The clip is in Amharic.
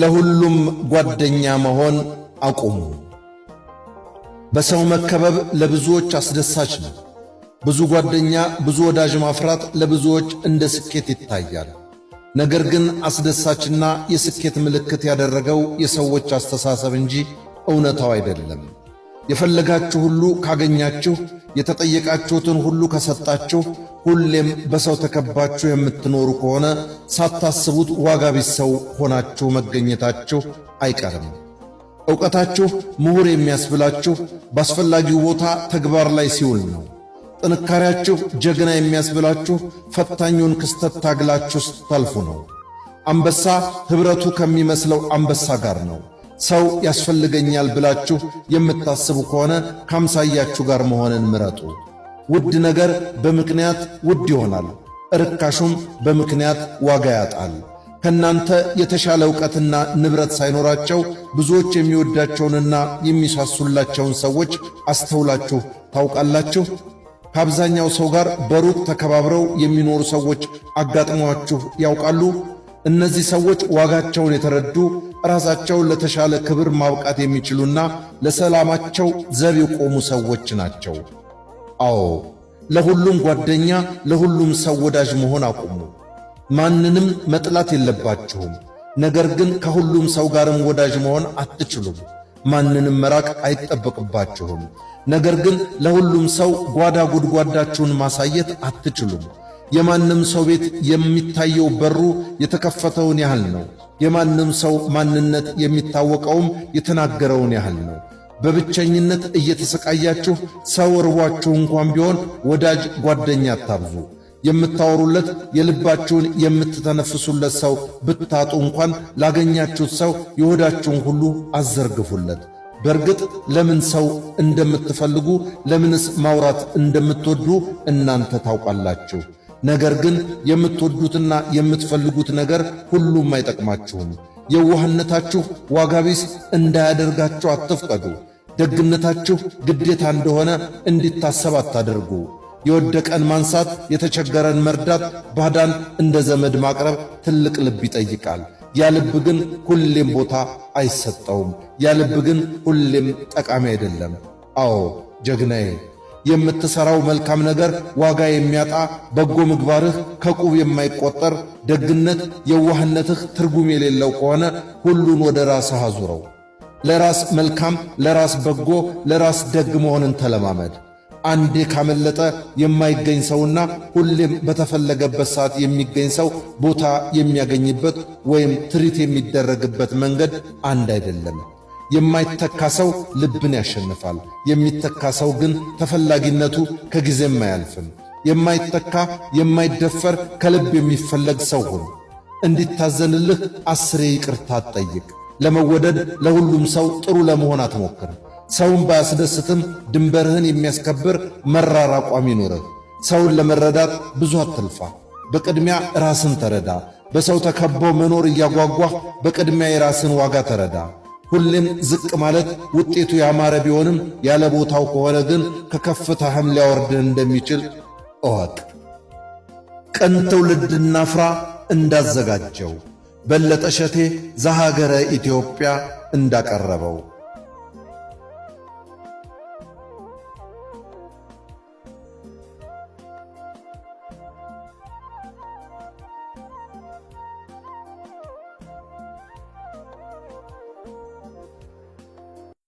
ለሁሉም ጓደኛ መሆን አቁሙ። በሰው መከበብ ለብዙዎች አስደሳች ነው። ብዙ ጓደኛ፣ ብዙ ወዳጅ ማፍራት ለብዙዎች እንደ ስኬት ይታያል። ነገር ግን አስደሳችና የስኬት ምልክት ያደረገው የሰዎች አስተሳሰብ እንጂ እውነታው አይደለም። የፈለጋችሁ ሁሉ ካገኛችሁ የተጠየቃችሁትን ሁሉ ከሰጣችሁ ሁሌም በሰው ተከባችሁ የምትኖሩ ከሆነ ሳታስቡት ዋጋ ቢስ ሰው ሆናችሁ መገኘታችሁ አይቀርም። ዕውቀታችሁ ምሁር የሚያስብላችሁ በአስፈላጊው ቦታ ተግባር ላይ ሲውል ነው። ጥንካሬያችሁ ጀግና የሚያስብላችሁ ፈታኙን ክስተት ታግላችሁ ስታልፉ ነው። አንበሳ ኅብረቱ ከሚመስለው አንበሳ ጋር ነው። ሰው ያስፈልገኛል ብላችሁ የምታስቡ ከሆነ ካምሳያችሁ ጋር መሆንን ምረጡ። ውድ ነገር በምክንያት ውድ ይሆናል፣ እርካሹም በምክንያት ዋጋ ያጣል። ከእናንተ የተሻለ ዕውቀትና ንብረት ሳይኖራቸው ብዙዎች የሚወዳቸውንና የሚሳሱላቸውን ሰዎች አስተውላችሁ ታውቃላችሁ? ከአብዛኛው ሰው ጋር በሩቅ ተከባብረው የሚኖሩ ሰዎች አጋጥመዋችሁ ያውቃሉ? እነዚህ ሰዎች ዋጋቸውን የተረዱ ራሳቸውን ለተሻለ ክብር ማብቃት የሚችሉና ለሰላማቸው ዘብ የቆሙ ሰዎች ናቸው። አዎ ለሁሉም ጓደኛ፣ ለሁሉም ሰው ወዳጅ መሆን አቁሙ። ማንንም መጥላት የለባችሁም። ነገር ግን ከሁሉም ሰው ጋርም ወዳጅ መሆን አትችሉም። ማንንም መራቅ አይጠበቅባችሁም። ነገር ግን ለሁሉም ሰው ጓዳ ጉድጓዳችሁን ማሳየት አትችሉም። የማንም ሰው ቤት የሚታየው በሩ የተከፈተውን ያህል ነው። የማንም ሰው ማንነት የሚታወቀውም የተናገረውን ያህል ነው። በብቸኝነት እየተሰቃያችሁ ሰው ርቧችሁ እንኳን ቢሆን ወዳጅ ጓደኛ አታብዙ። የምታወሩለት የልባችሁን የምትተነፍሱለት ሰው ብታጡ እንኳን ላገኛችሁት ሰው የሆዳችሁን ሁሉ አዘርግፉለት። በእርግጥ ለምን ሰው እንደምትፈልጉ ለምንስ ማውራት እንደምትወዱ እናንተ ታውቃላችሁ። ነገር ግን የምትወዱትና የምትፈልጉት ነገር ሁሉም አይጠቅማችሁም። የዋህነታችሁ ዋጋቢስ እንዳያደርጋችሁ አትፍቀዱ። ደግነታችሁ ግዴታ እንደሆነ እንዲታሰብ አታደርጉ። የወደቀን ማንሳት፣ የተቸገረን መርዳት፣ ባዳን እንደ ዘመድ ማቅረብ ትልቅ ልብ ይጠይቃል። ያ ልብ ግን ሁሌም ቦታ አይሰጠውም። ያ ልብ ግን ሁሌም ጠቃሚ አይደለም። አዎ ጀግናዬ የምትሰራው መልካም ነገር ዋጋ የሚያጣ በጎ ምግባርህ ከቁብ የማይቆጠር ደግነት፣ የዋህነትህ ትርጉም የሌለው ከሆነ ሁሉን ወደ ራስህ አዙረው። ለራስ መልካም፣ ለራስ በጎ፣ ለራስ ደግ መሆንን ተለማመድ። አንዴ ካመለጠ የማይገኝ ሰውና ሁሌም በተፈለገበት ሰዓት የሚገኝ ሰው ቦታ የሚያገኝበት ወይም ትሪት የሚደረግበት መንገድ አንድ አይደለም። የማይተካ ሰው ልብን ያሸንፋል። የሚተካ ሰው ግን ተፈላጊነቱ ከጊዜም አያልፍም። የማይተካ የማይደፈር ከልብ የሚፈለግ ሰው ሁን። እንዲታዘንልህ አስሬ ይቅርታ አትጠይቅ። ለመወደድ ለሁሉም ሰው ጥሩ ለመሆን አትሞክር። ሰውን ባያስደስትም ድንበርህን የሚያስከብር መራር አቋም ይኑርህ። ሰውን ለመረዳት ብዙ አትልፋ። በቅድሚያ ራስን ተረዳ። በሰው ተከቦ መኖር እያጓጓህ በቅድሚያ የራስን ዋጋ ተረዳ። ሁሌም ዝቅ ማለት ውጤቱ ያማረ ቢሆንም ያለ ቦታው ከሆነ ግን ከከፍታህም ሊያወርድን እንደሚችል እወቅ። ቀን ትውልድና ፍራ እንዳዘጋጀው በለጠ ሸቴ ዘሀገረ ኢትዮጵያ እንዳቀረበው